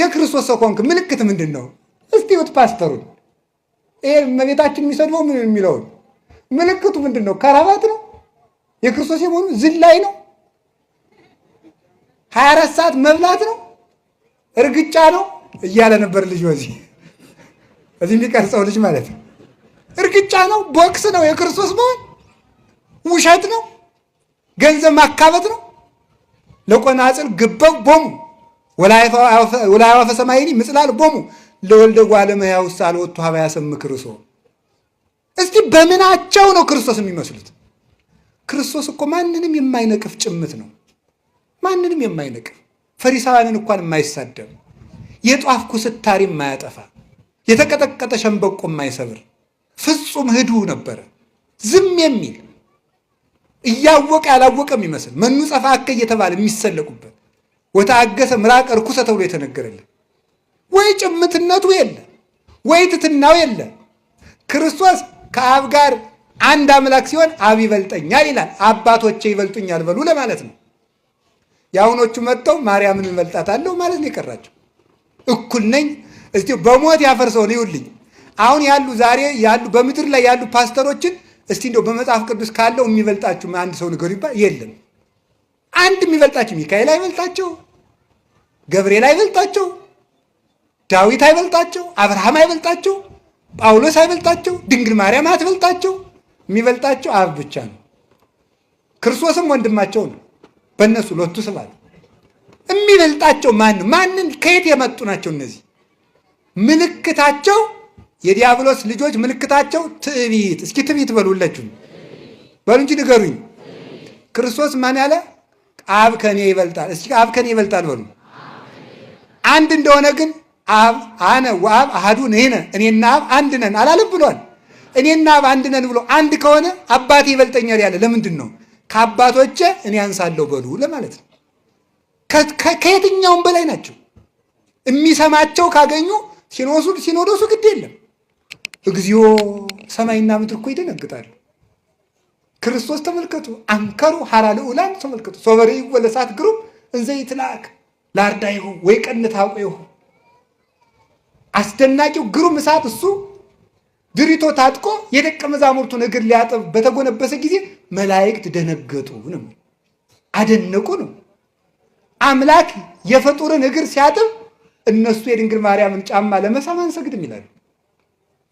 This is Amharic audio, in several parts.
የክርስቶስ ሰው ከሆንክ ምልክት ምንድን ነው? እስቲ ውት ፓስተሩን ይሄ መቤታችን የሚሰድበው ምን የሚለውን ምልክቱ ምንድን ነው? ከራባት ነው? የክርስቶስ የመሆኑ ዝላይ ነው? ሀያ አራት ሰዓት መብላት ነው? እርግጫ ነው እያለ ነበር ልጅ በዚህ እዚህ የሚቀርጸው ልጅ ማለት ነው። እርግጫ ነው፣ ቦክስ ነው፣ የክርስቶስ መሆን ውሸት ነው፣ ገንዘብ ማካበት ነው። ለቆናጽል ግበው ቦሙ ወላይ ወላይፋ ሰማይኒ ምጽላል ቦሙ ለወልደ ጓለ እመሕያው ሳልወቱ ሀበ ያሰም ክርሶ። እስቲ በምናቸው ነው ክርስቶስ የሚመስሉት? ክርስቶስ እኮ ማንንም የማይነቅፍ ጭምት ነው። ማንንም የማይነቅፍ ፈሪሳውያንን እንኳን የማይሳደብ የጧፍ ኩስታሪ የማያጠፋ የተቀጠቀጠ ሸንበቆ የማይሰብር ፍጹም ህዱ ነበረ። ዝም የሚል እያወቀ ያላወቀ የሚመስል መኑ ጸፋከ እየተባለ የሚሰለቁበት ወታገሰ ምራቅ እርኩሰ ተብሎ የተነገረልን ወይ ጭምትነቱ የለ ወይ ትትናው የለ። ክርስቶስ ከአብ ጋር አንድ አምላክ ሲሆን አብ ይበልጠኛል ይላል። አባቶቼ ይበልጡኛል በሉ ለማለት ነው። የአሁኖቹ መጥተው ማርያምን እበልጣታለሁ ማለት ነው የቀራቸው። እኩል ነኝ እስቲ በሞት ያፈርሰውን ይውልኝ። አሁን ያሉ ዛሬ ያሉ በምድር ላይ ያሉ ፓስተሮችን እስቲ እንደው በመጽሐፍ ቅዱስ ካለው የሚበልጣችሁ አንድ ሰው ንገሩ ይባል የለም። አንድ የሚበልጣችሁ ሚካኤል አይበልጣቸው ገብርኤል አይበልጣቸው፣ ዳዊት አይበልጣቸው፣ አብርሃም አይበልጣቸው፣ ጳውሎስ አይበልጣቸው፣ ድንግል ማርያም አትበልጣቸው። የሚበልጣቸው አብ ብቻ ነው። ክርስቶስም ወንድማቸው ነው። በእነሱ ሎቱ ስብሐት የሚበልጣቸው ማን ነው? ማንን ከየት የመጡ ናቸው እነዚህ? ምልክታቸው የዲያብሎስ ልጆች ምልክታቸው ትዕቢት። እስኪ ትዕቢት በሉለችሁ በሉ እንጂ ንገሩኝ። ክርስቶስ ማን ያለ? አብ ከኔ ይበልጣል። እስኪ አብ ከኔ ይበልጣል በሉ አንድ እንደሆነ ግን አብ አነ ወአብ አህዱ ንሕነ እኔና አብ አንድ ነን አላለም ብሏል። እኔና አብ አንድ ነን ብሎ አንድ ከሆነ አባቴ ይበልጠኛል ያለ ለምንድን ነው? ከአባቶቼ እኔ አንሳለሁ በሉ ለማለት ነው። ከየትኛውም በላይ ናቸው። የሚሰማቸው ካገኙ ሲኖሱ ሲኖዶሱ ግድ የለም። እግዚኦ ሰማይና ምድር እኮ ይደነግጣሉ። ክርስቶስ ተመልከቱ አንከሩ ሀራ ልዑላን ተመልከቱ ሶበሬ ወለሳት ግሩም እንዘይትላክ ላርዳ ይሁን ወይ ይሁን አስደናቂው ግሩም እሳት እሱ ድሪቶ ታጥቆ የደቀ መዛሙርቱን እግር ሊያጥብ በተጎነበሰ ጊዜ መላእክት ደነገጡ ነው፣ አደነቁ ነው። አምላክ የፍጡርን እግር ሲያጥብ እነሱ የድንግል ማርያምን ጫማ ለመሳም አንሰግድም ይላሉ።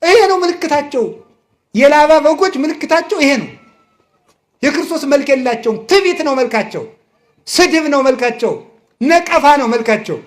ይሄ ነው ምልክታቸው። የላባ በጎች ምልክታቸው ይሄ ነው። የክርስቶስ መልክ የላቸውም። ትቢት ነው መልካቸው፣ ስድብ ነው መልካቸው። ነቀፋ ነው መልካቸው።